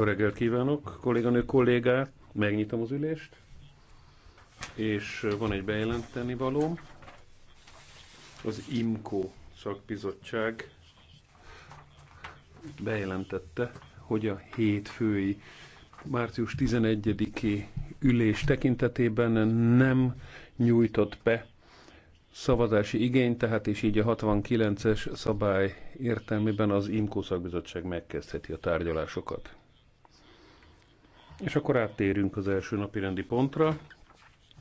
Jó reggelt kívánok, kolléganő kollégák! Megnyitom az ülést, és van egy bejelenteni valóm. Az IMCO szakbizottság bejelentette, hogy a hétfői március 11-i ülés tekintetében nem nyújtott be szavazási igény, tehát és így a 69-es szabály értelmében az IMCO szakbizottság megkezdheti a tárgyalásokat. És akkor áttérünk az első napi rendi pontra,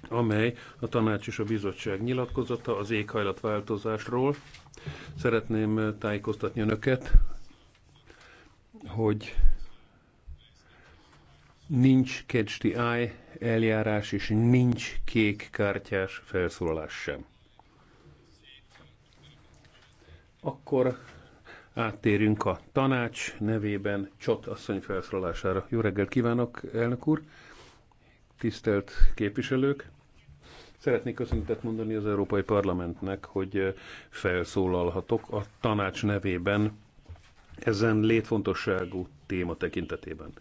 amely a tanács és a bizottság nyilatkozata az éghajlatváltozásról. Szeretném tájékoztatni önöket, hogy nincs catch the eye eljárás, és nincs kék kártyás felszólalás sem. Akkor áttérünk a tanács nevében Csot asszony felszólására. Jó reggel kívánok, elnök úr! Tisztelt képviselők! Szeretnék köszöntet mondani az Európai Parlamentnek, hogy felszólalhatok a tanács nevében ezen létfontosságú téma tekintetében.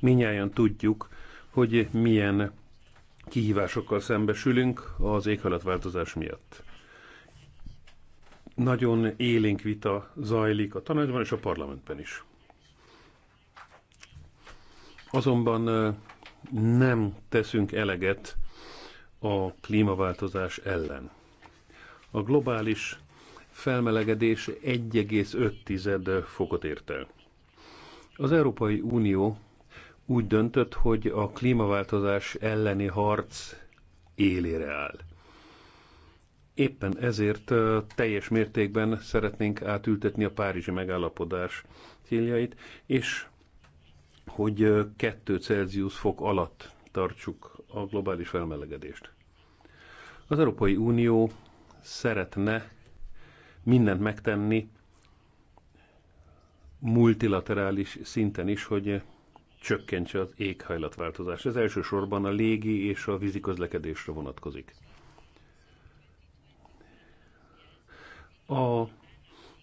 Minnyáján tudjuk, hogy milyen kihívásokkal szembesülünk az éghajlatváltozás miatt nagyon élénk vita zajlik a tanácsban és a parlamentben is. Azonban nem teszünk eleget a klímaváltozás ellen. A globális felmelegedés 1,5 fokot ért el. Az Európai Unió úgy döntött, hogy a klímaváltozás elleni harc élére áll. Éppen ezért teljes mértékben szeretnénk átültetni a Párizsi megállapodás céljait, és hogy 2 Celsius fok alatt tartsuk a globális felmelegedést. Az Európai Unió szeretne mindent megtenni multilaterális szinten is, hogy csökkentse az éghajlatváltozást. Ez elsősorban a légi és a vízi közlekedésre vonatkozik. a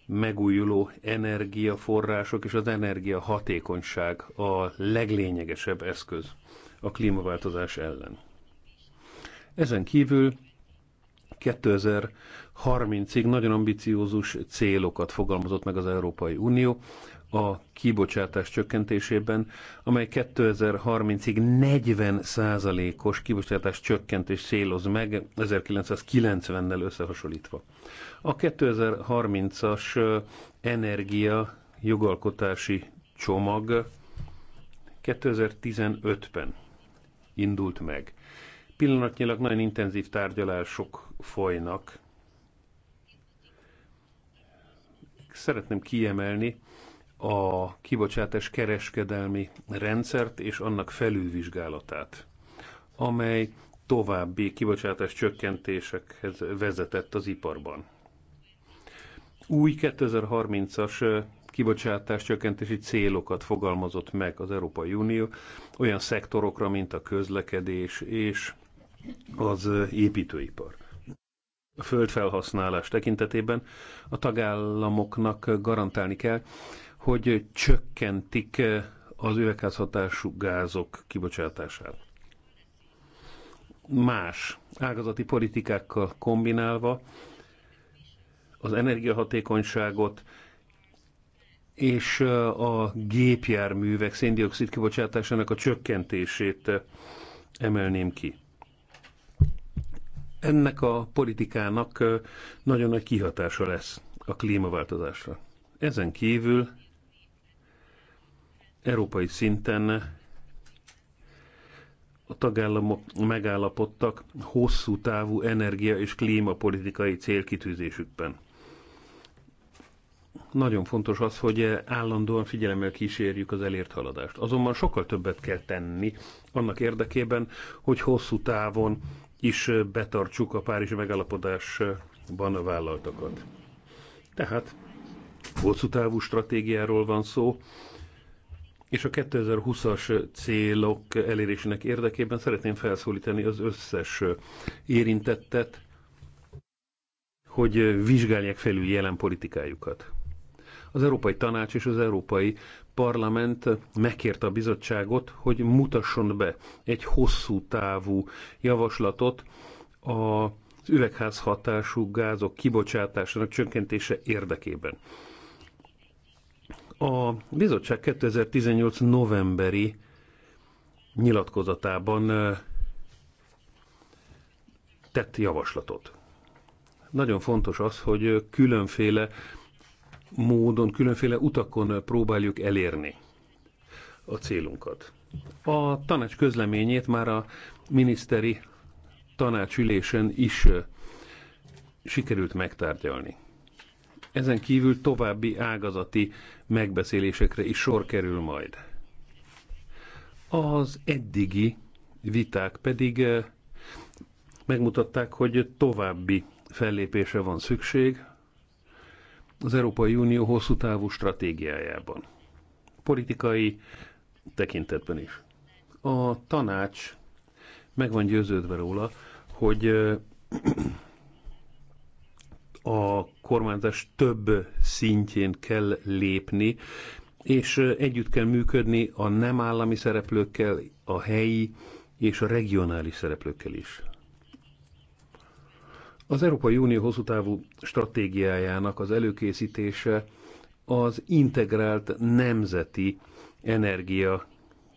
megújuló energiaforrások és az energiahatékonyság a leglényegesebb eszköz a klímaváltozás ellen. Ezen kívül 2030-ig nagyon ambiciózus célokat fogalmazott meg az Európai Unió, a kibocsátás csökkentésében, amely 2030-ig 40 os kibocsátás csökkentés széloz meg 1990-nel összehasonlítva. A 2030-as energia jogalkotási csomag 2015-ben indult meg. Pillanatnyilag nagyon intenzív tárgyalások folynak. Szeretném kiemelni, a kibocsátás kereskedelmi rendszert és annak felülvizsgálatát, amely további kibocsátás csökkentésekhez vezetett az iparban. Új 2030-as kibocsátás csökkentési célokat fogalmazott meg az Európai Unió olyan szektorokra, mint a közlekedés és az építőipar. A földfelhasználás tekintetében a tagállamoknak garantálni kell, hogy csökkentik eh, az üvegházhatású gázok kibocsátását. Más ágazati politikákkal kombinálva az energiahatékonyságot és eh, a gépjárművek széndiokszid kibocsátásának a csökkentését eh, emelném ki. Ennek a politikának nagyon nagy kihatása lesz a klímaváltozásra. Ezen kívül európai szinten a tagállamok megállapodtak hosszú távú energia és klímapolitikai célkitűzésükben. Nagyon fontos az, hogy állandóan figyelemmel kísérjük az elért haladást. Azonban sokkal többet kell tenni annak érdekében, hogy hosszú távon is betartsuk a Párizsi megállapodásban a vállaltakat. Tehát hosszú távú stratégiáról van szó, és a 2020-as célok elérésének érdekében szeretném felszólítani az összes érintettet, hogy vizsgálják felül jelen politikájukat. Az Európai Tanács és az Európai Parlament megkérte a bizottságot, hogy mutasson be egy hosszú távú javaslatot a üvegházhatású gázok kibocsátásának csökkentése érdekében. A bizottság 2018 novemberi nyilatkozatában tett javaslatot. Nagyon fontos az, hogy különféle módon, különféle utakon próbáljuk elérni a célunkat. A tanács közleményét már a miniszteri tanácsülésen is sikerült megtárgyalni. Ezen kívül további ágazati megbeszélésekre is sor kerül majd. Az eddigi viták pedig eh, megmutatták, hogy további fellépése van szükség az Európai Unió hosszú távú stratégiájában. Politikai tekintetben is. A tanács meg van győződve róla, hogy eh, a kormányzás több szintjén kell lépni, és együtt kell működni a nem állami szereplőkkel, a helyi és a regionális szereplőkkel is. Az Európai Unió hosszú távú stratégiájának az előkészítése az integrált nemzeti energia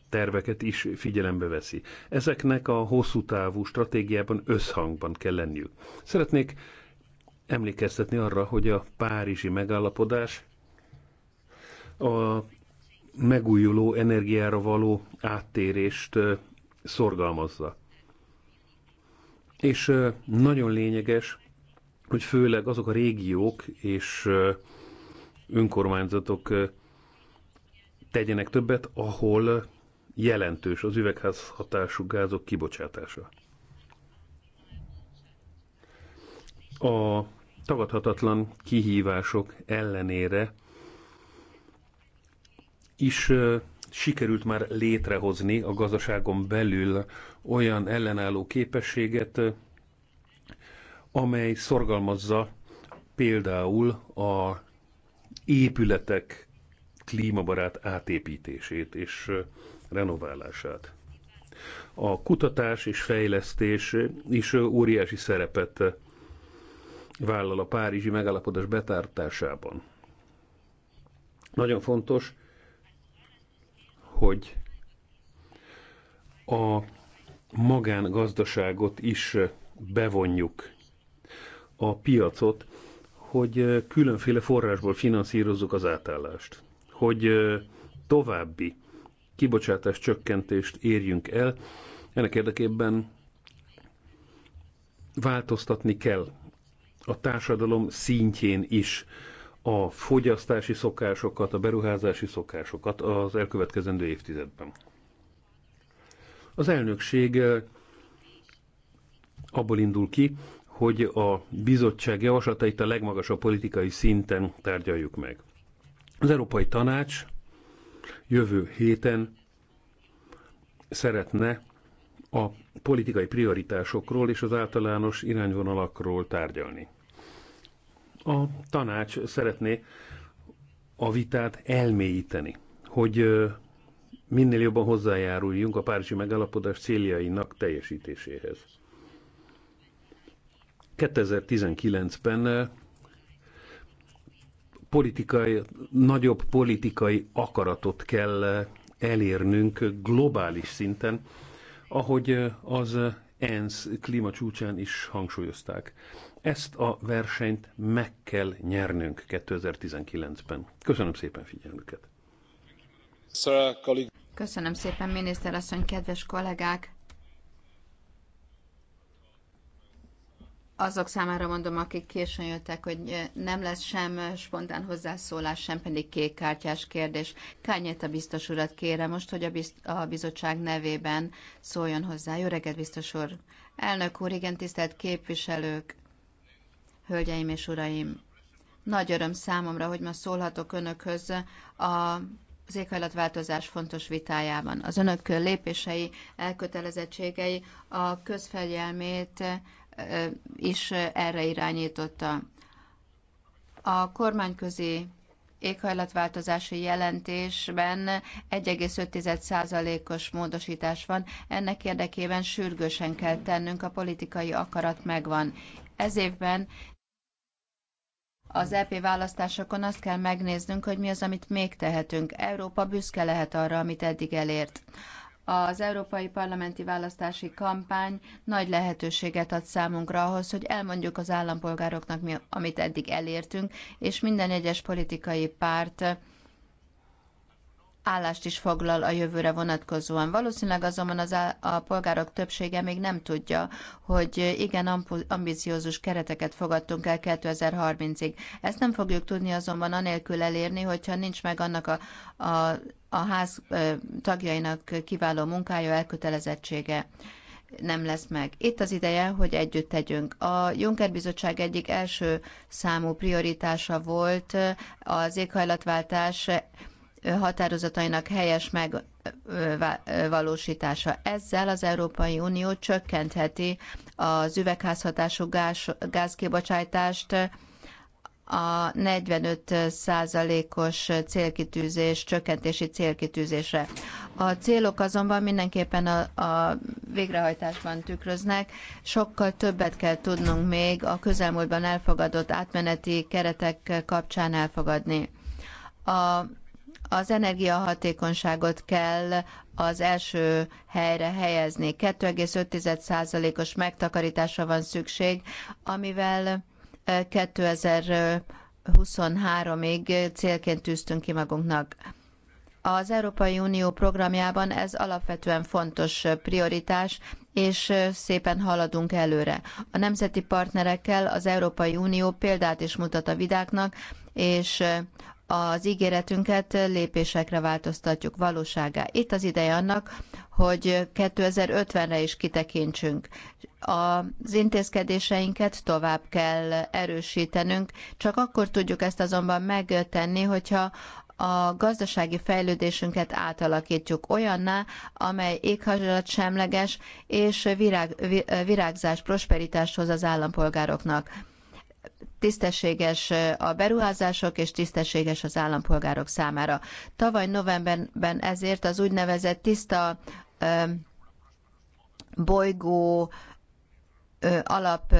terveket is figyelembe veszi. Ezeknek a hosszú távú stratégiában összhangban kell lenniük. Szeretnék emlékeztetni arra, hogy a párizsi megállapodás a megújuló energiára való áttérést szorgalmazza. És nagyon lényeges, hogy főleg azok a régiók és önkormányzatok tegyenek többet, ahol jelentős az üvegházhatású gázok kibocsátása. A tagadhatatlan kihívások ellenére is sikerült már létrehozni a gazdaságon belül olyan ellenálló képességet, amely szorgalmazza például a épületek klímabarát átépítését és renoválását. A kutatás és fejlesztés is óriási szerepet vállal a párizsi megállapodás betartásában. Nagyon fontos, hogy a magángazdaságot is bevonjuk a piacot, hogy különféle forrásból finanszírozzuk az átállást, hogy további kibocsátás csökkentést érjünk el. Ennek érdekében változtatni kell a társadalom szintjén is a fogyasztási szokásokat, a beruházási szokásokat az elkövetkezendő évtizedben. Az elnökség eh, abból indul ki, hogy a bizottság javaslatait a legmagasabb politikai szinten tárgyaljuk meg. Az Európai Tanács jövő héten szeretne a politikai prioritásokról és az általános irányvonalakról tárgyalni. A tanács szeretné a vitát elmélyíteni, hogy minél jobban hozzájáruljunk a Párizsi megállapodás céljainak teljesítéséhez. 2019-ben politikai, nagyobb politikai akaratot kell elérnünk globális szinten, ahogy az ENSZ klímacsúcsán is hangsúlyozták. Ezt a versenyt meg kell nyernünk 2019-ben. Köszönöm szépen figyelmüket! Köszönöm szépen, miniszter asszony, kedves kollégák! azok számára mondom, akik későn jöttek, hogy eh, nem lesz sem eh, spontán hozzászólás, sem pedig kékkártyás kérdés. Kányét a biztos urat kérem most, hogy a, bizt, a bizottság nevében szóljon hozzá. Jó reggelt, biztos úr! Elnök úr, igen, tisztelt képviselők, hölgyeim és uraim! Nagy öröm számomra, hogy ma szólhatok önökhöz a az éghajlatváltozás fontos vitájában. Az önök lépései, elkötelezettségei a közfegyelmét is erre irányította. A kormányközi éghajlatváltozási jelentésben 1,5%-os módosítás van. Ennek érdekében sürgősen kell tennünk, a politikai akarat megvan. Ez évben az EP választásokon azt kell megnéznünk, hogy mi az, amit még tehetünk. Európa büszke lehet arra, amit eddig elért az európai parlamenti választási kampány nagy lehetőséget ad számunkra ahhoz, hogy elmondjuk az állampolgároknak, mi, amit eddig elértünk, és minden egyes politikai párt állást is foglal a jövőre vonatkozóan. Valószínűleg azonban az a polgárok többsége még nem tudja, hogy igen ambiciózus kereteket fogadtunk el 2030-ig. Ezt nem fogjuk tudni azonban anélkül elérni, hogyha nincs meg annak a, a a ház tagjainak kiváló munkája, elkötelezettsége nem lesz meg. Itt az ideje, hogy együtt tegyünk. A Juncker Bizottság egyik első számú prioritása volt az éghajlatváltás határozatainak helyes megvalósítása. Ezzel az Európai Unió csökkentheti az üvegházhatású gáz, gázkibocsátást a 45 százalékos célkitűzés, csökkentési célkitűzésre. A célok azonban mindenképpen a, a végrehajtásban tükröznek. Sokkal többet kell tudnunk még a közelmúltban elfogadott átmeneti keretek kapcsán elfogadni. A, az energiahatékonyságot kell az első helyre helyezni. 2,5%-os megtakarításra van szükség, amivel 2023-ig célként tűztünk ki magunknak. Az Európai Unió programjában ez alapvetően fontos prioritás, és szépen haladunk előre. A nemzeti partnerekkel az Európai Unió példát is mutat a vidáknak, és az ígéretünket lépésekre változtatjuk valóságá. Itt az ideje annak, hogy 2050-re is kitekintsünk. Az intézkedéseinket tovább kell erősítenünk, csak akkor tudjuk ezt azonban megtenni, hogyha a gazdasági fejlődésünket átalakítjuk olyanná, amely éghajlatsemleges és virág, virágzás, prosperitást hoz az állampolgároknak tisztességes a beruházások és tisztességes az állampolgárok számára. Tavaly novemberben ezért az úgynevezett tiszta bolygó alap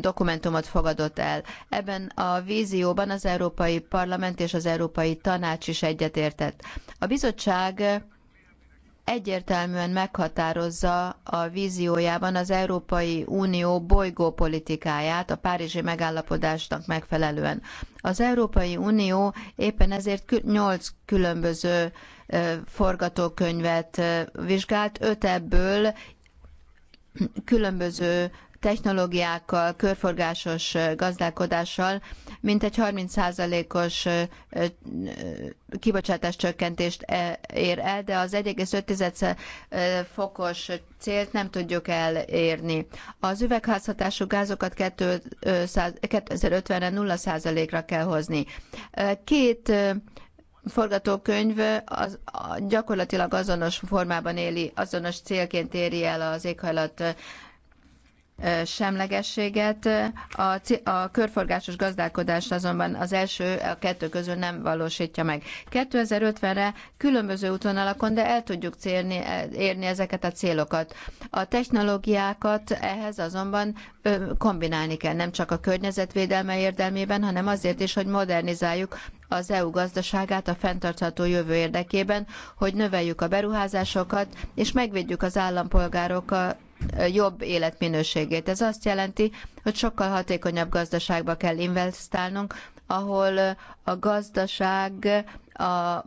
dokumentumot fogadott el. Ebben a vízióban az Európai Parlament és az Európai Tanács is egyetértett. A bizottság egyértelműen meghatározza a víziójában az Európai Unió bolygópolitikáját a Párizsi megállapodásnak megfelelően. Az Európai Unió éppen ezért nyolc különböző forgatókönyvet vizsgált, öt ebből különböző technológiákkal, körforgásos gazdálkodással mintegy 30%-os kibocsátás csökkentést e, ér el, de az 1,5 fokos célt nem tudjuk elérni. Az üvegházhatású gázokat 2050-re 0%-ra kell hozni. Két forgatókönyv az, gyakorlatilag azonos formában éli, azonos célként éri el az éghajlat semlegességet. A, a körforgásos gazdálkodás azonban az első, a kettő közül nem valósítja meg. 2050-re különböző útvonalakon, de el tudjuk célni, e, érni ezeket a célokat. A technológiákat ehhez azonban kombinálni kell, nem csak a környezetvédelme érdemében, hanem azért is, hogy modernizáljuk az EU gazdaságát a fenntartható jövő érdekében, hogy növeljük a beruházásokat, és megvédjük az állampolgárokat jobb életminőségét. Ez azt jelenti, hogy sokkal hatékonyabb gazdaságba kell investálnunk, ahol a gazdaság a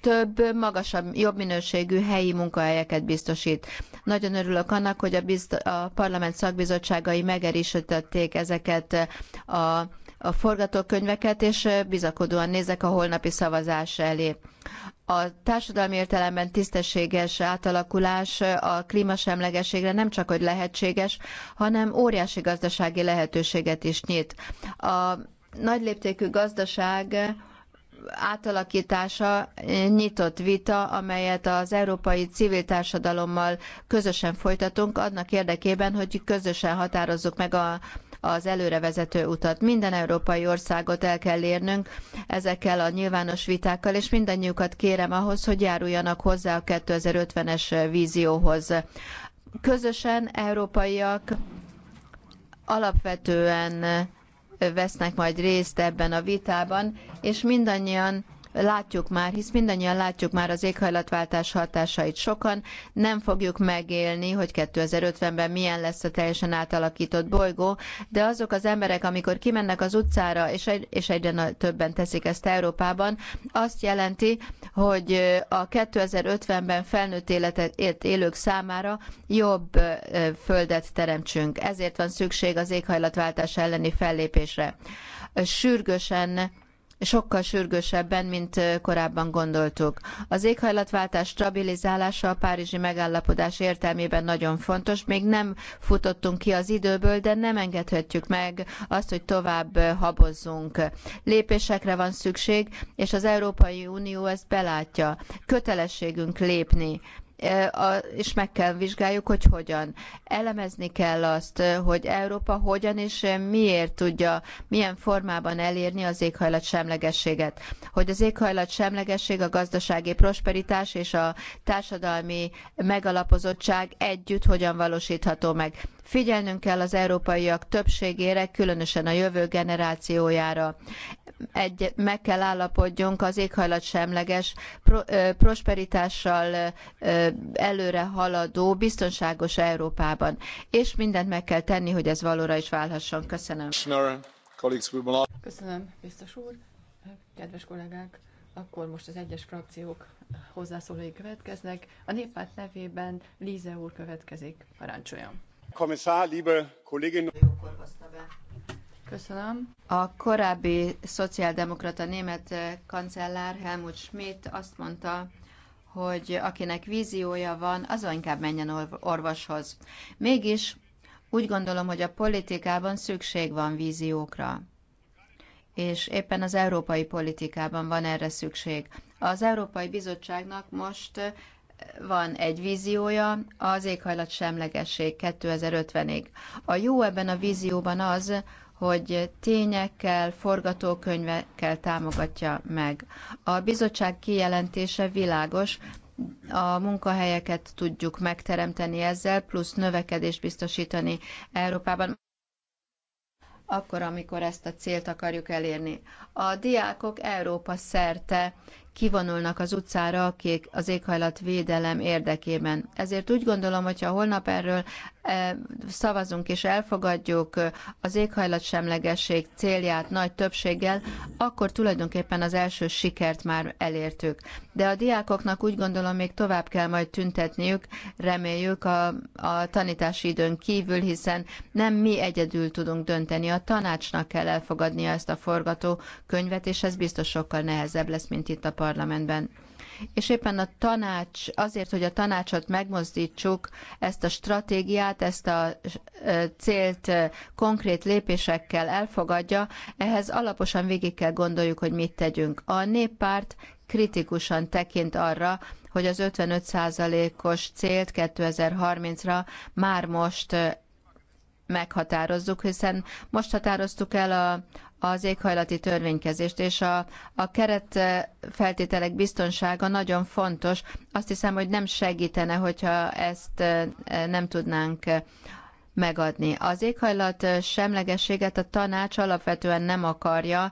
több, magasabb, jobb minőségű helyi munkahelyeket biztosít. Nagyon örülök annak, hogy a, bizt- a parlament szakbizottságai megerősítették ezeket a, a forgatókönyveket, és bizakodóan nézek a holnapi szavazás elé a társadalmi értelemben tisztességes átalakulás a klímasemlegességre nem csak hogy lehetséges, hanem óriási gazdasági lehetőséget is nyit. A nagyléptékű gazdaság átalakítása nyitott vita, amelyet az európai civil társadalommal közösen folytatunk, annak érdekében, hogy közösen határozzuk meg a az előrevezető utat. Minden európai országot el kell érnünk ezekkel a nyilvános vitákkal, és mindannyiukat kérem ahhoz, hogy járuljanak hozzá a 2050-es vízióhoz. Közösen európaiak alapvetően vesznek majd részt ebben a vitában, és mindannyian látjuk már, hisz mindannyian látjuk már az éghajlatváltás hatásait. Sokan nem fogjuk megélni, hogy 2050-ben milyen lesz a teljesen átalakított bolygó, de azok az emberek, amikor kimennek az utcára, és, egy, és egyre többen teszik ezt Európában, azt jelenti, hogy a 2050-ben felnőtt életet élők számára jobb földet teremtsünk. Ezért van szükség az éghajlatváltás elleni fellépésre. Sürgősen sokkal sürgősebben, mint korábban gondoltuk. Az éghajlatváltás stabilizálása a párizsi megállapodás értelmében nagyon fontos. Még nem futottunk ki az időből, de nem engedhetjük meg azt, hogy tovább habozzunk. Lépésekre van szükség, és az Európai Unió ezt belátja. Kötelességünk lépni és meg kell vizsgáljuk, hogy hogyan. Elemezni kell azt, hogy Európa hogyan és miért tudja, milyen formában elérni az éghajlat semlegességet. Hogy az éghajlat semlegesség, a gazdasági prosperitás és a társadalmi megalapozottság együtt hogyan valósítható meg. Figyelnünk kell az európaiak többségére, különösen a jövő generációjára. Egy, meg kell állapodjunk az éghajlatsemleges pro, prosperitással előre haladó, biztonságos Európában. És mindent meg kell tenni, hogy ez valóra is válhasson. Köszönöm. Köszönöm, biztos úr. Kedves kollégák, akkor most az egyes frakciók hozzászólói következnek. A néppárt nevében Líze úr következik. Parancsoljon. Kommissár, liebe Kolleginnen. Köszönöm. A korábbi szociáldemokrata német kancellár Helmut Schmidt azt mondta, hogy akinek víziója van, az inkább menjen orvoshoz. Mégis úgy gondolom, hogy a politikában szükség van víziókra. És éppen az európai politikában van erre szükség. Az Európai Bizottságnak most eh, van egy víziója, az éghajlat semlegesség 2050-ig. A jó ebben a vízióban az, hogy tényekkel, forgatókönyvekkel támogatja meg. A bizottság kijelentése világos, a munkahelyeket tudjuk megteremteni ezzel, plusz növekedést biztosítani Európában akkor, amikor ezt a célt akarjuk elérni. A diákok Európa szerte kivonulnak az utcára, akik az éghajlatvédelem érdekében. Ezért úgy gondolom, hogyha holnap erről eh, szavazunk és elfogadjuk eh, az éghajlatsemlegesség célját nagy többséggel, akkor tulajdonképpen az első sikert már elértük. De a diákoknak úgy gondolom még tovább kell majd tüntetniük, reméljük a, a tanítási időn kívül, hiszen nem mi egyedül tudunk dönteni, a tanácsnak kell elfogadnia ezt a forgatókönyvet, és ez biztos sokkal nehezebb lesz, mint itt a Parlamentben. És éppen a tanács, azért, hogy a tanácsot megmozdítsuk, ezt a stratégiát, ezt a célt konkrét lépésekkel elfogadja, ehhez alaposan végig kell gondoljuk, hogy mit tegyünk. A néppárt kritikusan tekint arra, hogy az 55%-os célt 2030-ra már most meghatározzuk, hiszen most határoztuk el a, az éghajlati törvénykezést, és a, a keret feltételek biztonsága nagyon fontos. Azt hiszem, hogy nem segítene, hogyha ezt nem tudnánk megadni. Az éghajlat semlegességet a tanács alapvetően nem akarja,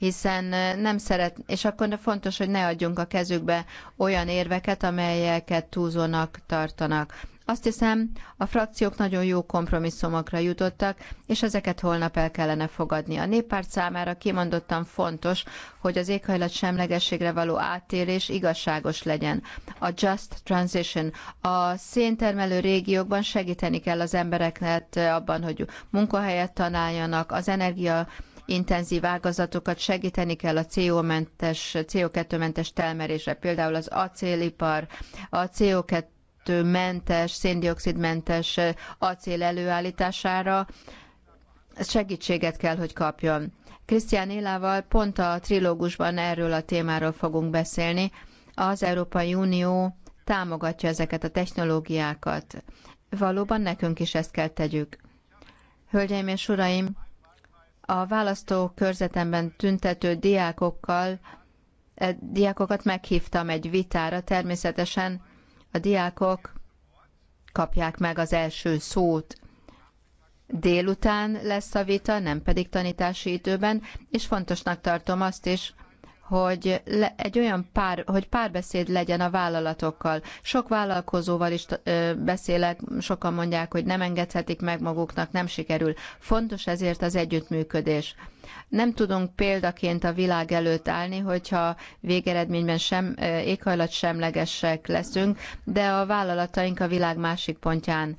hiszen nem szeret, és akkor fontos, hogy ne adjunk a kezükbe olyan érveket, amelyeket túlzónak tartanak. Azt hiszem, a frakciók nagyon jó kompromisszumokra jutottak, és ezeket holnap el kellene fogadni. A néppárt számára kimondottan fontos, hogy az éghajlat semlegességre való áttérés igazságos legyen. A Just Transition. A széntermelő régiókban segíteni kell az embereknek abban, hogy munkahelyet találjanak, az energia intenzív ágazatokat segíteni kell a CO-mentes, CO2-mentes telmerésre, például az acélipar, a CO2-mentes, széndiokszidmentes acél előállítására segítséget kell, hogy kapjon. Krisztián Élával pont a trilógusban erről a témáról fogunk beszélni. Az Európai Unió támogatja ezeket a technológiákat. Valóban nekünk is ezt kell tegyük. Hölgyeim és uraim, a választókörzetemben tüntető diákokkal, e, diákokat meghívtam egy vitára. Természetesen a diákok kapják meg az első szót. Délután lesz a vita, nem pedig tanítási időben, és fontosnak tartom azt is, hogy le, egy olyan pár, hogy párbeszéd legyen a vállalatokkal. Sok vállalkozóval is ö, beszélek, sokan mondják, hogy nem engedhetik meg maguknak, nem sikerül. Fontos ezért az együttműködés. Nem tudunk példaként a világ előtt állni, hogyha végeredményben sem éghajlat semlegesek leszünk, de a vállalataink a világ másik pontján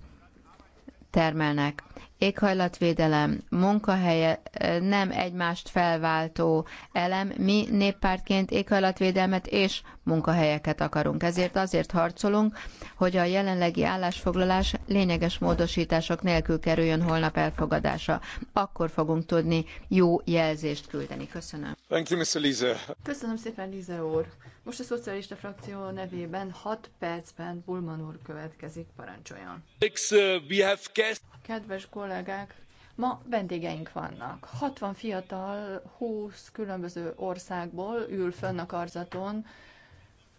termelnek éghajlatvédelem, munkahelye nem egymást felváltó elem, mi néppártként éghajlatvédelmet és munkahelyeket akarunk. Ezért azért harcolunk, hogy a jelenlegi állásfoglalás lényeges módosítások nélkül kerüljön holnap elfogadása. Akkor fogunk tudni jó jelzést küldeni. Köszönöm. Thank you, Mr. Lise. Köszönöm szépen, Lize úr. Most a szocialista frakció nevében 6 percben Bulman úr következik, parancsoljon. Uh, Kedves kollégák! kollégák, ma vendégeink vannak. 60 fiatal, 20 különböző országból ül fönn a karzaton,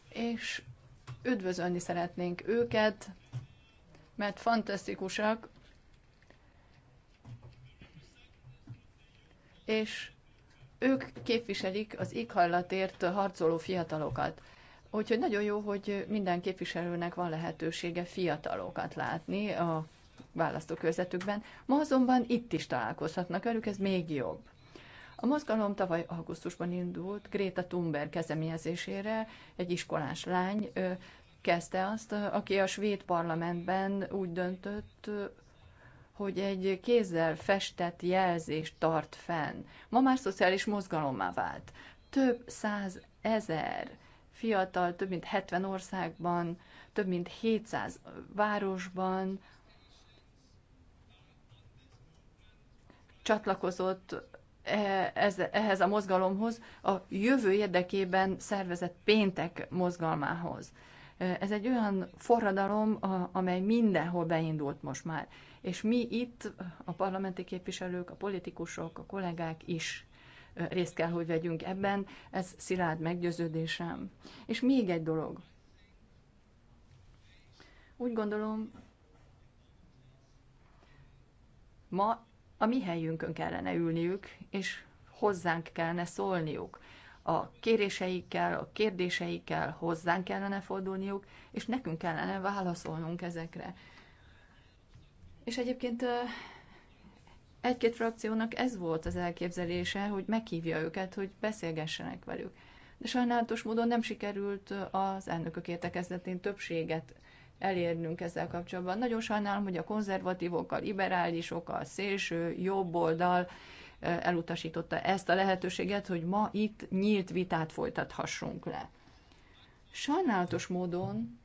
és üdvözölni szeretnénk őket, mert fantasztikusak, és ők képviselik az éghajlatért harcoló fiatalokat. Úgyhogy nagyon jó, hogy minden képviselőnek van lehetősége fiatalokat látni a választókörzetükben. Ma azonban itt is találkozhatnak velük, ez még jobb. A mozgalom tavaly augusztusban indult Greta Thunberg kezdeményezésére, egy iskolás lány kezdte azt, aki a svéd parlamentben úgy döntött, hogy egy kézzel festett jelzést tart fenn. Ma már szociális mozgalommá vált. Több száz ezer fiatal, több mint 70 országban, több mint 700 városban, csatlakozott e, ehhez a mozgalomhoz, a jövő érdekében szervezett péntek mozgalmához. E, ez egy olyan forradalom, amely mindenhol beindult most már. És mi itt, a parlamenti képviselők, a politikusok, a kollégák is e, részt kell, hogy vegyünk ebben. Ez szilárd meggyőződésem. És még egy dolog. Úgy gondolom, ma a mi helyünkön kellene ülniük, és hozzánk kellene szólniuk. A kéréseikkel, a kérdéseikkel hozzánk kellene fordulniuk, és nekünk kellene válaszolnunk ezekre. És egyébként egy-két frakciónak ez volt az elképzelése, hogy meghívja őket, hogy beszélgessenek velük. De sajnálatos módon nem sikerült az elnökök értekezletén többséget elérnünk ezzel kapcsolatban. Nagyon sajnálom, hogy a konzervatívokkal, liberálisokkal, szélső, jobboldal elutasította ezt a lehetőséget, hogy ma itt nyílt vitát folytathassunk le. Sajnálatos módon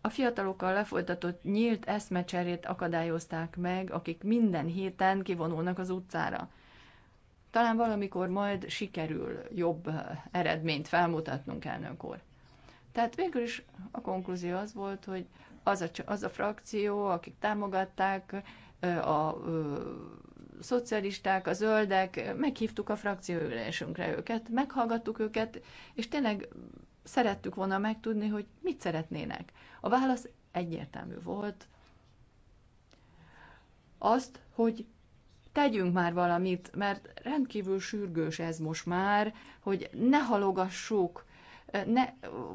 a fiatalokkal lefolytatott nyílt eszmecserét akadályozták meg, akik minden héten kivonulnak az utcára. Talán valamikor majd sikerül jobb eh, eredményt felmutatnunk, elnök úr. Tehát végül is a konklúzió az volt, hogy az a, az a frakció, akik támogatták, eh, a, a, a szocialisták, a zöldek, meghívtuk a frakcióülésünkre őket, meghallgattuk őket, és tényleg szerettük volna megtudni, hogy mit szeretnének. A válasz egyértelmű volt, azt, hogy tegyünk már valamit, mert rendkívül sürgős ez most már, hogy ne halogassuk, ne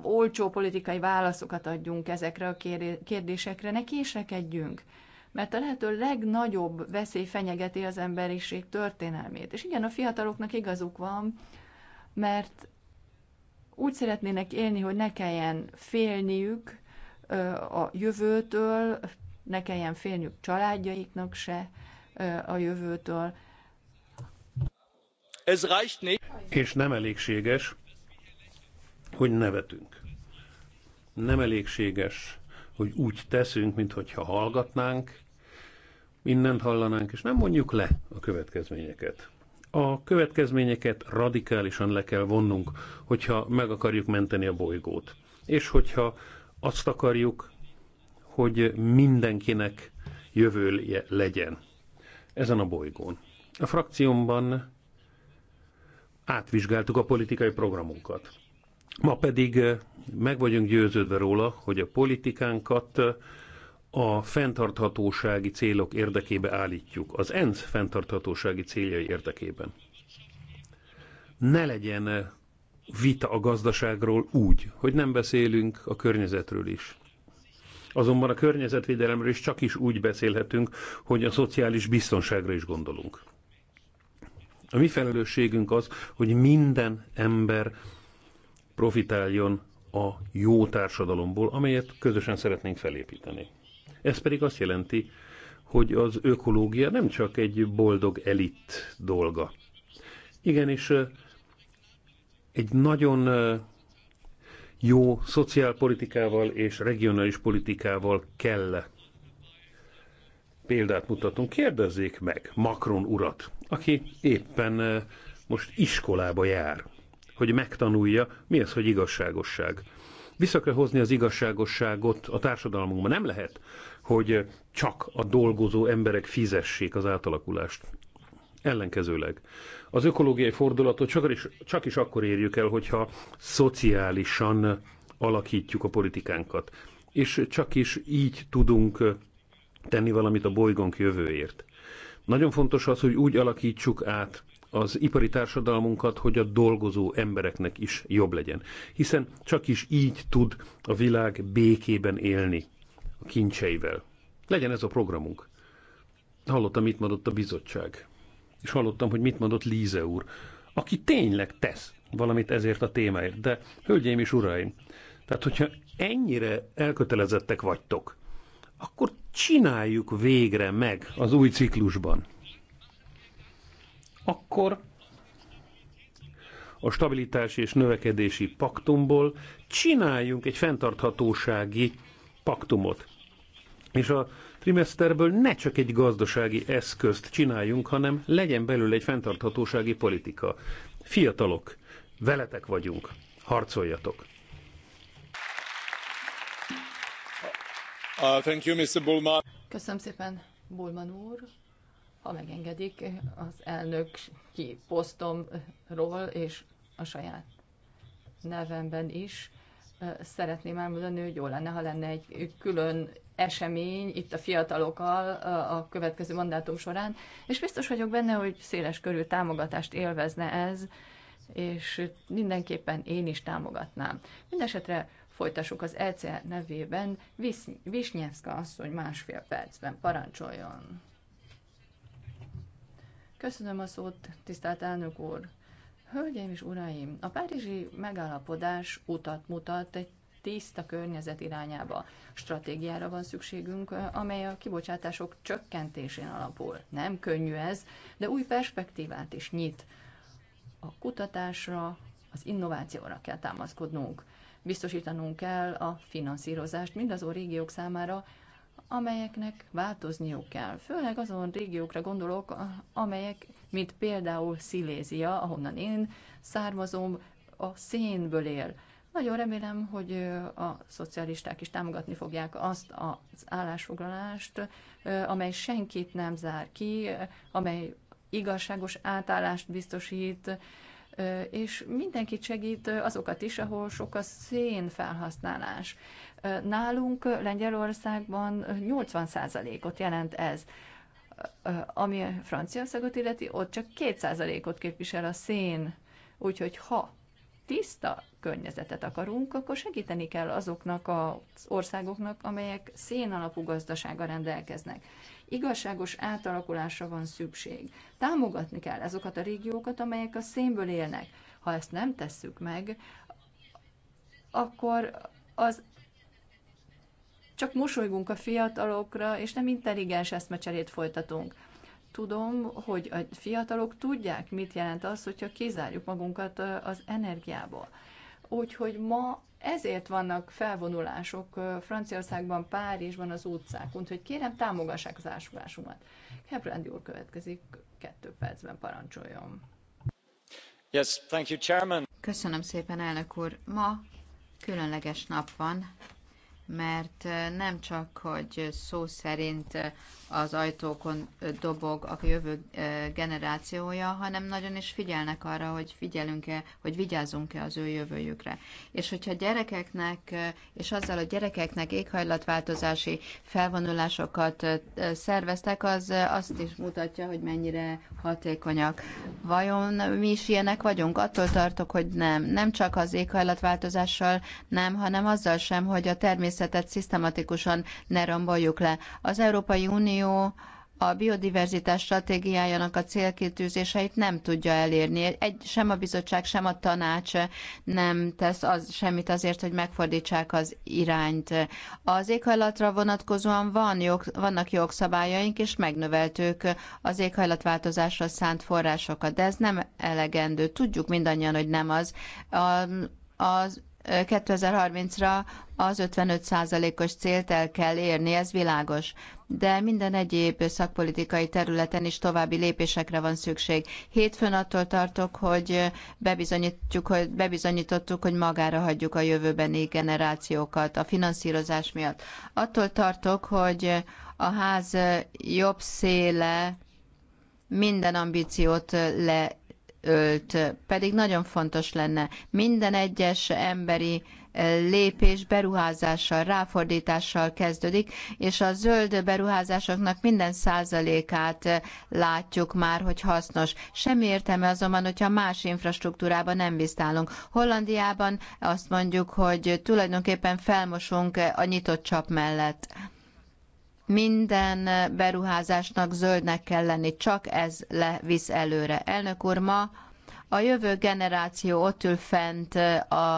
olcsó politikai válaszokat adjunk ezekre a kérdésekre, ne késlekedjünk mert a lehető legnagyobb veszély fenyegeti az emberiség történelmét. És igen, a fiataloknak igazuk van, mert úgy szeretnének élni, hogy ne kelljen félniük a jövőtől, ne kelljen félniük családjaiknak se, a jövőtől. Ez És nem elégséges, hogy nevetünk. Nem elégséges, hogy úgy teszünk, mintha hallgatnánk, mindent hallanánk, és nem mondjuk le a következményeket. A következményeket radikálisan le kell vonnunk, hogyha meg akarjuk menteni a bolygót. És hogyha azt akarjuk, hogy mindenkinek jövője legyen ezen a bolygón. A frakciómban átvizsgáltuk a politikai programunkat. Ma pedig eh, meg vagyunk győződve róla, hogy a politikánkat eh, a fenntarthatósági célok érdekébe állítjuk, az ENSZ fenntarthatósági céljai érdekében. Ne legyen eh, vita a gazdaságról úgy, hogy nem beszélünk a környezetről is. Azonban a környezetvédelemről is csak is úgy beszélhetünk, hogy a szociális biztonságra is gondolunk. A mi felelősségünk az, hogy minden ember profitáljon a jó társadalomból, amelyet közösen szeretnénk felépíteni. Ez pedig azt jelenti, hogy az ökológia nem csak egy boldog elit dolga. Igenis, egy nagyon jó szociálpolitikával és regionális politikával kell példát mutatunk. Kérdezzék meg Macron urat, aki éppen eh, most iskolába jár, hogy megtanulja, mi az, hogy igazságosság. Vissza kell hozni az igazságosságot a társadalmunkban. Nem lehet, hogy csak a dolgozó emberek fizessék az átalakulást. Ellenkezőleg az ökológiai fordulatot csak is, csak is akkor érjük el, hogyha szociálisan alakítjuk a politikánkat. És csak is így tudunk tenni valamit a bolygónk jövőért. Nagyon fontos az, hogy úgy alakítsuk át az ipari társadalmunkat, hogy a dolgozó embereknek is jobb legyen. Hiszen csak is így tud a világ békében élni a kincseivel. Legyen ez a programunk. Hallottam, mit mondott a bizottság és hallottam, hogy mit mondott Líze úr, aki tényleg tesz valamit ezért a témáért. De, hölgyeim és uraim, tehát hogyha ennyire elkötelezettek vagytok, akkor csináljuk végre meg az új ciklusban. Akkor a stabilitási és növekedési paktumból csináljunk egy fenntarthatósági paktumot. És a trimeszterből ne csak egy gazdasági eszközt csináljunk, hanem legyen belőle egy fenntarthatósági politika. Fiatalok, veletek vagyunk, harcoljatok! Uh, thank you, Mr. Bullman. Köszönöm szépen, Bulman úr. Ha megengedik, az elnök ki posztomról és a saját nevemben is szeretném elmondani, hogy jó lenne, ha lenne egy külön esemény itt a fiatalokkal a következő mandátum során, és biztos vagyok benne, hogy széles körű támogatást élvezne ez, és mindenképpen én is támogatnám. Mindenesetre folytassuk az ECR e nevében. Visnyevska asszony másfél percben parancsoljon. Köszönöm a szót, tisztelt elnök úr! Hölgyeim és uraim, a párizsi megállapodás utat mutat egy tiszta környezet irányába. Stratégiára van szükségünk, amely a kibocsátások csökkentésén alapul. Nem könnyű ez, de új perspektívát is nyit. A kutatásra, az innovációra kell támaszkodnunk. Biztosítanunk kell a finanszírozást mindazon régiók számára, amelyeknek változniuk kell. Főleg azon régiókra gondolok, amelyek, mint például Szilézia, ahonnan én származom, a szénből él. Nagyon remélem, hogy a szocialisták is támogatni fogják azt az állásfoglalást, amely senkit nem zár ki, amely igazságos átállást biztosít, és mindenkit segít azokat is, ahol sok a szén felhasználás. Nálunk Lengyelországban 80%-ot jelent ez. Ami Franciaországot illeti, ott csak 2%-ot képvisel a szén. Úgyhogy ha tiszta környezetet akarunk, akkor segíteni kell azoknak az országoknak, amelyek szén alapú gazdasága rendelkeznek. Igazságos átalakulásra van szükség. Támogatni kell azokat a régiókat, amelyek a szénből élnek. Ha ezt nem tesszük meg, akkor az csak mosolygunk a fiatalokra, és nem intelligens eszmecserét folytatunk. Tudom, hogy a fiatalok tudják, mit jelent az, hogyha kizárjuk magunkat az energiából. Úgyhogy ma ezért vannak felvonulások Franciaországban, Párizsban az utcákon, úgyhogy kérem támogassák az ásulásumat. Keplendi úr következik, kettő percben parancsoljon. Yes, thank you, chairman. Köszönöm szépen, elnök úr. Ma különleges nap van, mert nem csak, hogy szó szerint az ajtókon dobog a jövő generációja, hanem nagyon is figyelnek arra, hogy figyelünk-e, hogy vigyázunk-e az ő jövőjükre. És hogyha gyerekeknek, és azzal a gyerekeknek éghajlatváltozási felvonulásokat szerveztek, az azt is mutatja, hogy mennyire hatékonyak. Vajon mi is ilyenek vagyunk? Attól tartok, hogy nem. Nem csak az éghajlatváltozással nem, hanem azzal sem, hogy a természet természetet szisztematikusan ne romboljuk le. Az Európai Unió a biodiverzitás stratégiájának a célkitűzéseit nem tudja elérni. Egy, sem a bizottság, sem a tanács nem tesz az, semmit azért, hogy megfordítsák az irányt. Az éghajlatra vonatkozóan van jog, vannak jogszabályaink, és megnöveltük az éghajlatváltozásra szánt forrásokat, de ez nem elegendő. Tudjuk mindannyian, hogy nem az. A, az 2030-ra az 55%-os célt el kell érni, ez világos. De minden egyéb szakpolitikai területen is további lépésekre van szükség. Hétfőn attól tartok, hogy, bebizonyítjuk, hogy bebizonyítottuk, hogy magára hagyjuk a jövőbeni generációkat a finanszírozás miatt. Attól tartok, hogy a ház jobb széle minden ambíciót le ölt, pedig nagyon fontos lenne minden egyes emberi lépés beruházással, ráfordítással kezdődik, és a zöld beruházásoknak minden százalékát látjuk már, hogy hasznos. Semmi értelme azonban, hogyha más infrastruktúrába nem biztálunk. Hollandiában azt mondjuk, hogy tulajdonképpen felmosunk a nyitott csap mellett. Minden beruházásnak zöldnek kell lenni, csak ez levisz előre. Elnök úr, ma a jövő generáció ott ül fent a,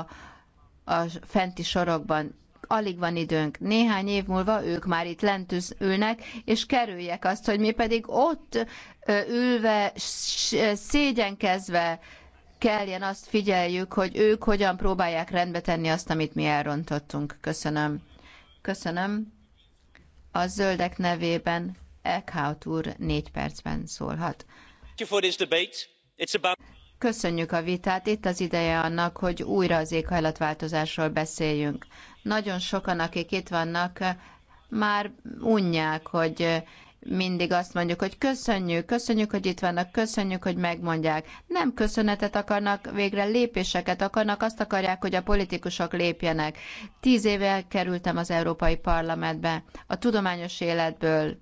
a fenti sorokban. Alig van időnk. Néhány év múlva ők már itt lent ülnek, és kerüljek azt, hogy mi pedig ott ülve, szégyenkezve kelljen azt figyeljük, hogy ők hogyan próbálják rendbe tenni azt, amit mi elrontottunk. Köszönöm. Köszönöm. A zöldek nevében Eckhout úr négy percben szólhat. Köszönjük a vitát, itt az ideje annak, hogy újra az éghajlatváltozásról beszéljünk. Nagyon sokan, akik itt vannak, már unják, hogy mindig azt mondjuk, hogy köszönjük, köszönjük, hogy itt vannak, köszönjük, hogy megmondják. Nem köszönetet akarnak, végre lépéseket akarnak, azt akarják, hogy a politikusok lépjenek. Tíz éve kerültem az Európai Parlamentbe, a tudományos életből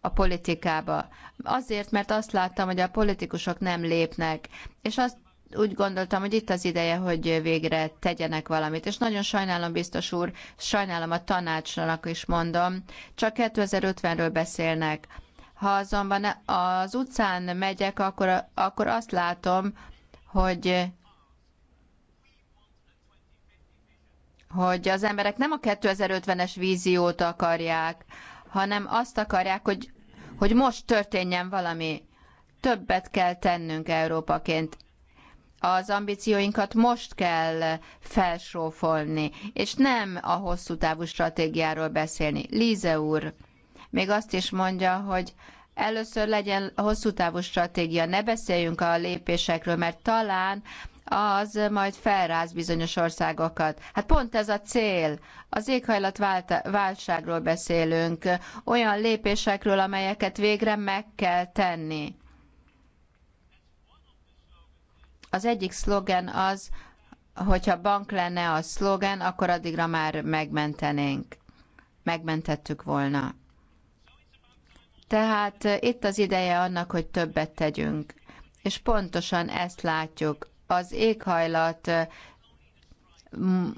a politikába. Azért, mert azt láttam, hogy a politikusok nem lépnek, és azt úgy gondoltam, hogy itt az ideje, hogy végre tegyenek valamit. És nagyon sajnálom, biztos úr, sajnálom a tanácsnak is mondom, csak 2050-ről beszélnek. Ha azonban az utcán megyek, akkor, akkor azt látom, hogy hogy az emberek nem a 2050-es víziót akarják, hanem azt akarják, hogy, hogy most történjen valami. Többet kell tennünk Európaként az ambícióinkat most kell felsófolni, és nem a hosszú távú stratégiáról beszélni. Líze úr még azt is mondja, hogy először legyen hosszú távú stratégia, ne beszéljünk a lépésekről, mert talán az majd felráz bizonyos országokat. Hát pont ez a cél. Az éghajlatválságról beszélünk, olyan lépésekről, amelyeket végre meg kell tenni. Az egyik szlogen az, hogyha bank lenne a szlogen, akkor addigra már megmentenénk. Megmentettük volna. Tehát eh, itt az ideje annak, hogy többet tegyünk. És pontosan ezt látjuk. Az éghajlat eh,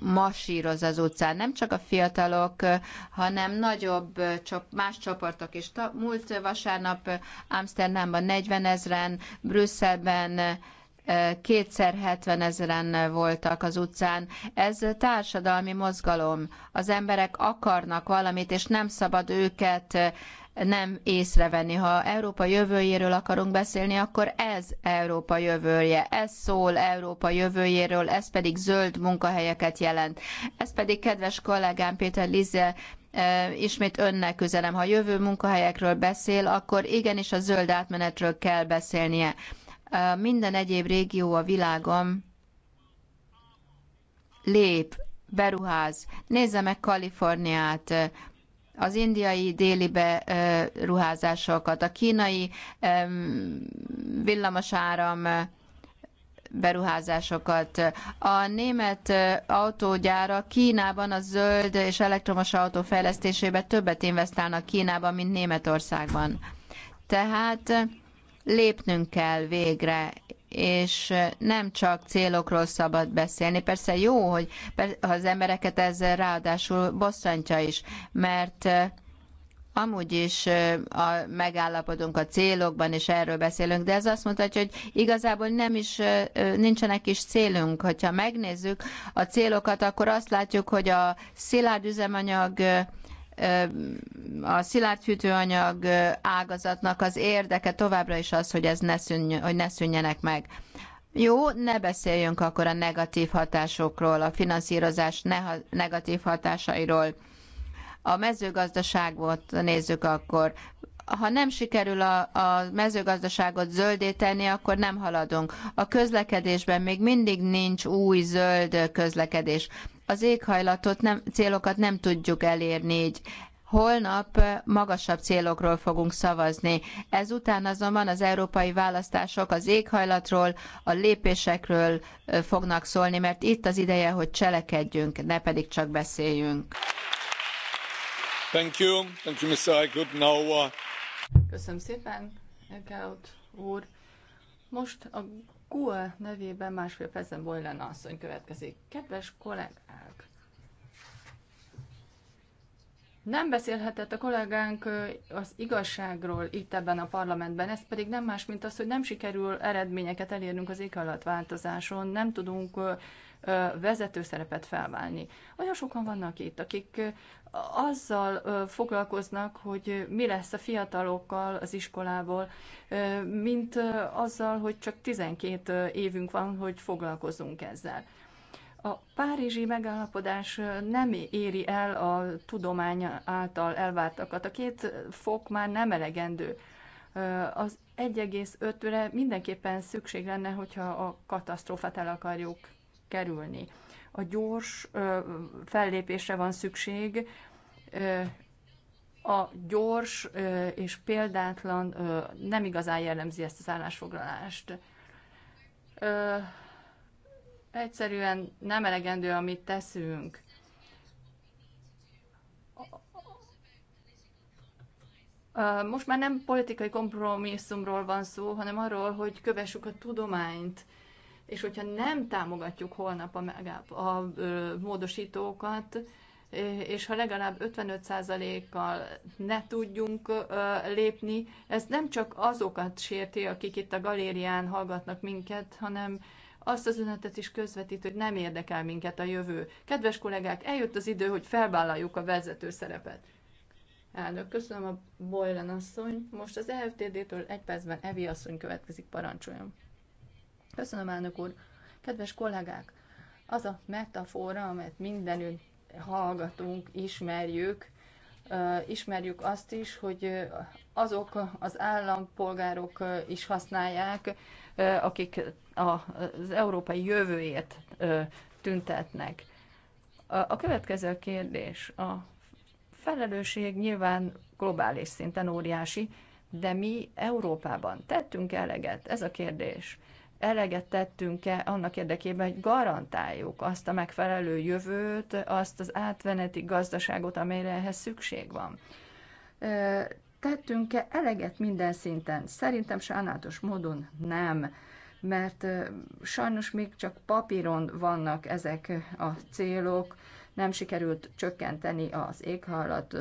masíroz az utcán. Nem csak a fiatalok, eh, hanem nagyobb más csoportok is. Múlt vasárnap Amsterdamban 40 ezeren, Brüsszelben kétszer 70 ezeren voltak az utcán. Ez társadalmi mozgalom. Az emberek akarnak valamit, és nem szabad őket eh, nem észrevenni. Ha Európa jövőjéről akarunk beszélni, akkor ez Európa jövője. Ez szól Európa jövőjéről, ez pedig zöld munkahelyeket jelent. Ez pedig kedves kollégám Péter Lize eh, ismét önnek üzenem, ha jövő munkahelyekről beszél, akkor igenis a zöld átmenetről kell beszélnie minden egyéb régió a világon lép, beruház. Nézze meg Kaliforniát, az indiai déli beruházásokat, a kínai villamosáram beruházásokat. A német autógyára Kínában a zöld és elektromos autó fejlesztésébe többet investálnak Kínában, mint Németországban. Tehát lépnünk kell végre, és nem csak célokról szabad beszélni. Persze jó, hogy az embereket ez ráadásul bosszantja is, mert eh, amúgy is eh, a, megállapodunk a célokban, és erről beszélünk, de ez azt mutatja, hogy igazából nem is, eh, nincsenek is célunk. Hogyha megnézzük a célokat, akkor azt látjuk, hogy a szilárd üzemanyag a szilárd fűtőanyag ágazatnak az érdeke továbbra is az, hogy ez ne, szűnj, hogy ne szűnjenek meg. Jó, ne beszéljünk akkor a negatív hatásokról, a finanszírozás negatív hatásairól. A mezőgazdaságot nézzük akkor. Ha nem sikerül a, a mezőgazdaságot zöldéteni, akkor nem haladunk. A közlekedésben még mindig nincs új zöld közlekedés az éghajlatot nem, célokat nem tudjuk elérni így. Holnap magasabb célokról fogunk szavazni. Ezután azonban az európai választások az éghajlatról, a lépésekről fognak szólni, mert itt az ideje, hogy cselekedjünk, ne pedig csak beszéljünk. Thank you. Thank you, Mr. Aykut. Now, uh... Köszönöm szépen, Eckhout úr. Most a GUE nevében másfél percen Bojlen asszony következik. Kedves kollégák! Nem beszélhetett a kollégánk az igazságról itt ebben a parlamentben, ez pedig nem más, mint az, hogy nem sikerül eredményeket elérnünk az éghajlatváltozáson, nem tudunk vezető szerepet felválni. Olyan sokan vannak itt, akik azzal foglalkoznak, hogy mi lesz a fiatalokkal az iskolából, mint azzal, hogy csak 12 évünk van, hogy foglalkozunk ezzel. A párizsi megállapodás nem éri el a tudomány által elvártakat. A két fok már nem elegendő. Az 1,5-re mindenképpen szükség lenne, hogyha a katasztrófát el akarjuk kerülni. A gyors fellépésre van szükség, a gyors és példátlan nem igazán jellemzi ezt az állásfoglalást. Egyszerűen nem elegendő, amit teszünk. Most már nem politikai kompromisszumról van szó, hanem arról, hogy kövessük a tudományt, és hogyha nem támogatjuk holnap a, megáll, a módosítókat, és ha legalább 55%-kal ne tudjunk lépni, ez nem csak azokat sérti, akik itt a galérián hallgatnak minket, hanem azt az üzenetet is közvetít, hogy nem érdekel minket a jövő. Kedves kollégák, eljött az idő, hogy felvállaljuk a vezető szerepet. Elnök, köszönöm a Bojlan asszony. Most az EFTD-től egy percben Evi asszony következik, parancsoljon. Köszönöm, elnök úr. Kedves kollégák, az a metafora, amelyet mindenütt hallgatunk, ismerjük, ismerjük azt is, hogy azok az állampolgárok is használják, akik az európai jövőért tüntetnek. A következő kérdés. A felelősség nyilván globális szinten óriási, de mi Európában tettünk eleget? Ez a kérdés eleget tettünk-e annak érdekében, hogy garantáljuk azt a megfelelő jövőt, azt az átveneti gazdaságot, amelyre ehhez szükség van. Tettünk-e eleget minden szinten? Szerintem sajnálatos módon nem, mert sajnos még csak papíron vannak ezek a célok, nem sikerült csökkenteni az éghajlat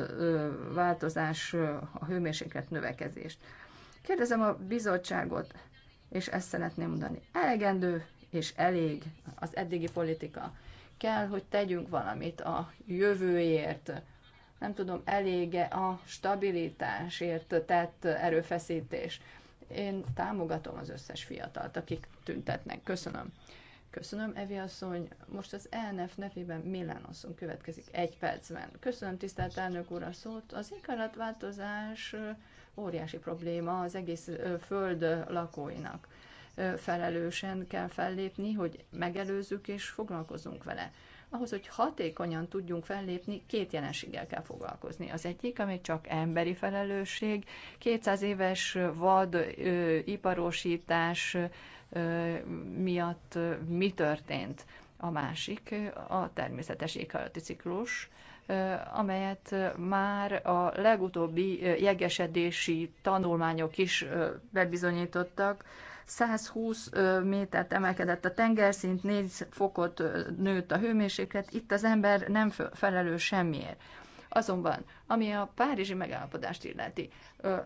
változás, a hőmérséklet növekezést. Kérdezem a bizottságot, és ezt szeretném mondani. Elegendő és elég az eddigi politika. Kell, hogy tegyünk valamit a jövőért, nem tudom, elége a stabilitásért tett erőfeszítés. Én támogatom az összes fiatalt, akik tüntetnek. Köszönöm. Köszönöm, Evi asszony. Most az ELNF nevében Milán asszony következik egy percben. Köszönöm, tisztelt elnök úr, a szót. Az éghajlatváltozás változás óriási probléma az egész föld lakóinak. Felelősen kell fellépni, hogy megelőzzük és foglalkozunk vele. Ahhoz, hogy hatékonyan tudjunk fellépni, két jelenséggel kell foglalkozni. Az egyik, ami csak emberi felelősség, 200 éves vad ö, iparosítás ö, miatt ö, mi történt. A másik a természetes éghajlati ciklus, amelyet már a legutóbbi jegesedési tanulmányok is bebizonyítottak. 120 métert emelkedett a tengerszint, 4 fokot nőtt a hőmérséklet, itt az ember nem felelős semmiért. Azonban, ami a párizsi megállapodást illeti,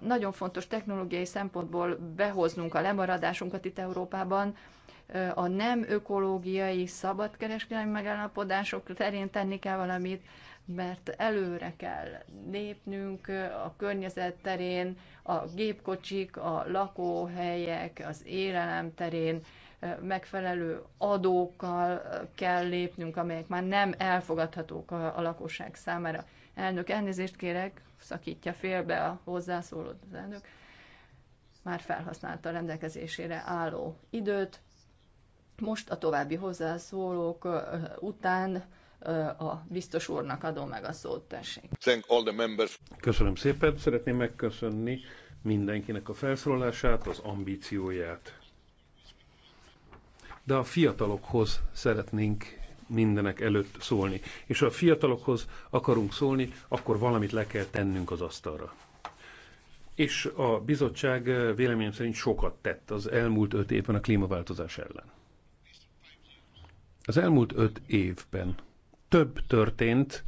nagyon fontos technológiai szempontból behoznunk a lemaradásunkat itt Európában, a nem ökológiai szabadkereskedelmi megállapodások terén tenni kell valamit, mert előre kell lépnünk a környezet terén, a gépkocsik, a lakóhelyek, az élelem terén megfelelő adókkal kell lépnünk, amelyek már nem elfogadhatók a, a lakosság számára. Elnök, elnézést kérek, szakítja félbe a hozzászólót az elnök. Már felhasználta a rendelkezésére álló időt. Most a további hozzászólók után a biztos úrnak adom meg a szót, tessék. Köszönöm szépen, szeretném megköszönni mindenkinek a felszólását, az ambícióját. De a fiatalokhoz szeretnénk mindenek előtt szólni. És ha a fiatalokhoz akarunk szólni, akkor valamit le kell tennünk az asztalra. És a bizottság véleményem szerint sokat tett az elmúlt öt évben a klímaváltozás ellen. Az elmúlt öt évben több történt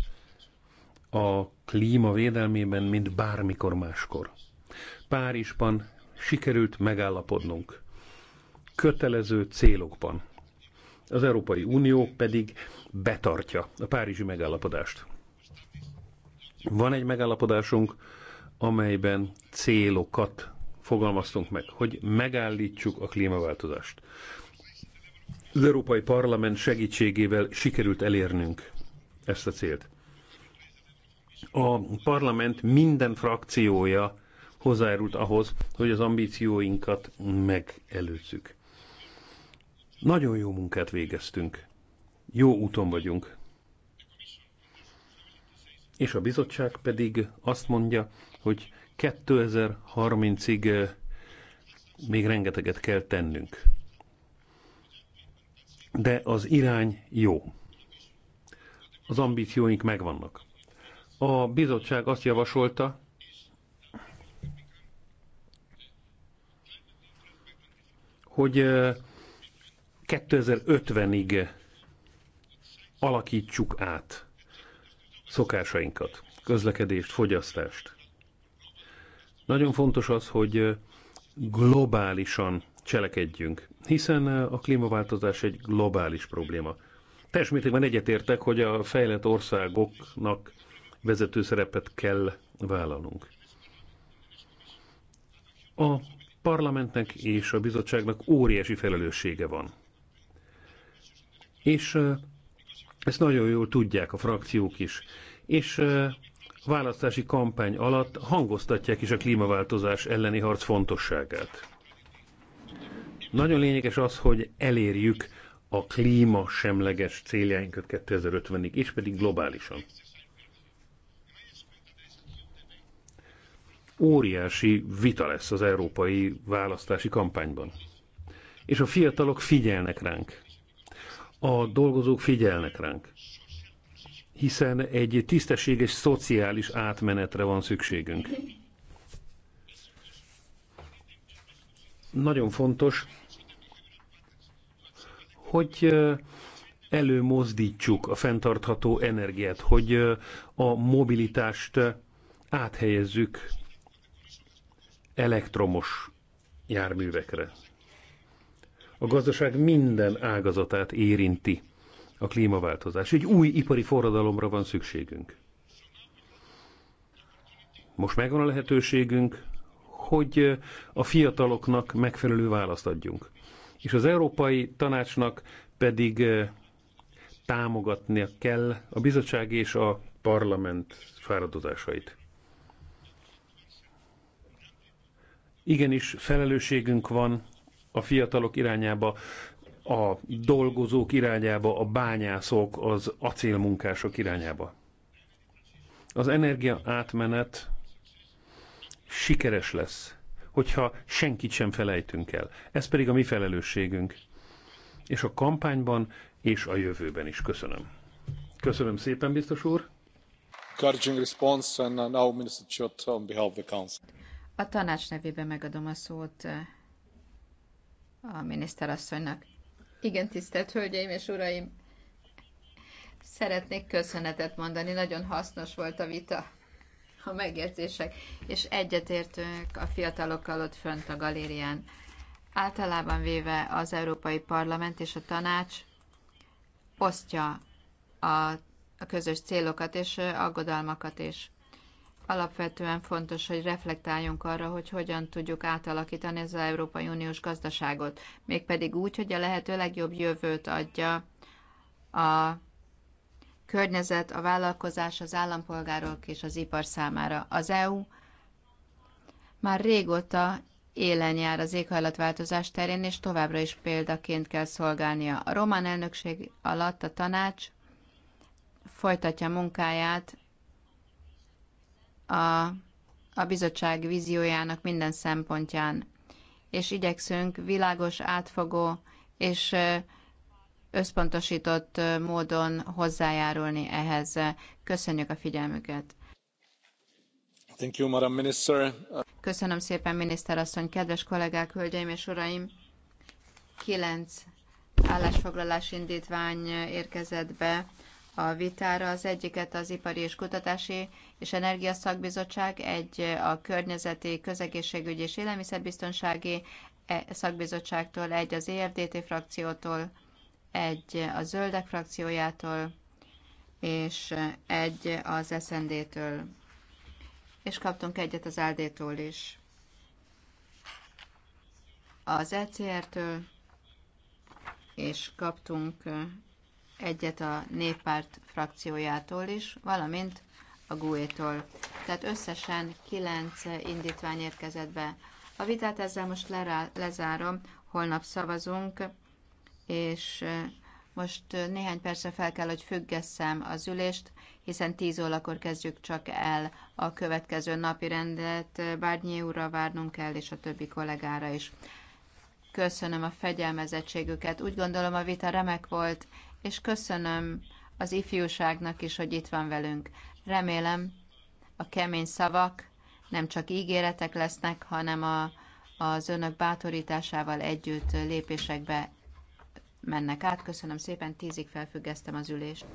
a klíma védelmében, mint bármikor máskor. Párizsban sikerült megállapodnunk. Kötelező célokban. Az Európai Unió pedig betartja a párizsi megállapodást. Van egy megállapodásunk, amelyben célokat fogalmaztunk meg, hogy megállítsuk a klímaváltozást. Az Európai Parlament segítségével sikerült elérnünk ezt a célt. A parlament minden frakciója hozzájárult ahhoz, hogy az ambícióinkat megelőzzük. Nagyon jó munkát végeztünk. Jó úton vagyunk. És a bizottság pedig azt mondja, hogy 2030-ig eh, még rengeteget kell tennünk. De az irány jó az ambícióink megvannak. A bizottság azt javasolta, hogy 2050-ig alakítsuk át szokásainkat, közlekedést, fogyasztást. Nagyon fontos az, hogy globálisan cselekedjünk, hiszen a klímaváltozás egy globális probléma. Teljes mértékben egyetértek, hogy a fejlett országoknak vezető szerepet kell vállalnunk. A parlamentnek és a bizottságnak óriási felelőssége van. És ezt nagyon jól tudják a frakciók is. És a választási kampány alatt hangoztatják is a klímaváltozás elleni harc fontosságát. Nagyon lényeges az, hogy elérjük a klíma semleges céljainkat 2050-ig, és pedig globálisan. Óriási vita lesz az európai választási kampányban. És a fiatalok figyelnek ránk. A dolgozók figyelnek ránk. Hiszen egy tisztességes szociális átmenetre van szükségünk. Nagyon fontos, hogy előmozdítsuk a fenntartható energiát, hogy a mobilitást áthelyezzük elektromos járművekre. A gazdaság minden ágazatát érinti a klímaváltozás. Egy új ipari forradalomra van szükségünk. Most megvan a lehetőségünk, hogy a fiataloknak megfelelő választ adjunk és az Európai Tanácsnak pedig támogatnia kell a bizottság és a parlament fáradozásait. Igenis, felelősségünk van a fiatalok irányába, a dolgozók irányába, a bányászok, az acélmunkások irányába. Az energia átmenet sikeres lesz hogyha senkit sem felejtünk el. Ez pedig a mi felelősségünk. És a kampányban, és a jövőben is. Köszönöm. Köszönöm szépen, biztos úr. Uh, a tanács nevében megadom a szót uh, a miniszterasszonynak. Igen, tisztelt Hölgyeim és Uraim! Szeretnék köszönetet mondani, nagyon hasznos volt a vita a megjegyzések, és egyetértünk a fiatalokkal ott fönt a galérián. Általában véve az Európai Parlament és a Tanács osztja a, a közös célokat és aggodalmakat is. Alapvetően fontos, hogy reflektáljunk arra, hogy hogyan tudjuk átalakítani az Európai Uniós gazdaságot, mégpedig úgy, hogy a lehető legjobb jövőt adja a környezet, a vállalkozás, az állampolgárok és az ipar számára. Az EU már régóta élen jár az éghajlatváltozás terén, és továbbra is példaként kell szolgálnia. A román elnökség alatt a tanács folytatja munkáját a, a bizottság víziójának minden szempontján, és igyekszünk világos, átfogó és összpontosított módon hozzájárulni ehhez. Köszönjük a figyelmüket! Thank you, Madam Minister. Köszönöm szépen, miniszterasszony, kedves kollégák, hölgyeim és uraim! Kilenc állásfoglalás indítvány érkezett be a vitára. Az egyiket az Ipari és Kutatási és Energia Szakbizottság, egy a Környezeti, Közegészségügyi és Élelmiszerbiztonsági e, Szakbizottságtól, egy az ERDT frakciótól egy a zöldek frakciójától, és egy az SND-től, és kaptunk egyet az ALD-tól is. Az ECR-től, és kaptunk egyet a néppárt frakciójától is, valamint a GUE-tól. Tehát összesen kilenc indítvány érkezett be. A vitát ezzel most lezárom, holnap szavazunk és most néhány percre fel kell, hogy függesszem az ülést, hiszen 10 órakor kezdjük csak el a következő napi rendet. Bárnyi úrra várnunk kell, és a többi kollégára is. Köszönöm a fegyelmezettségüket. Úgy gondolom a vita remek volt, és köszönöm az ifjúságnak is, hogy itt van velünk. Remélem a kemény szavak nem csak ígéretek lesznek, hanem a, az önök bátorításával együtt lépésekbe mennek át. Köszönöm szépen, tízig felfüggesztem az ülést.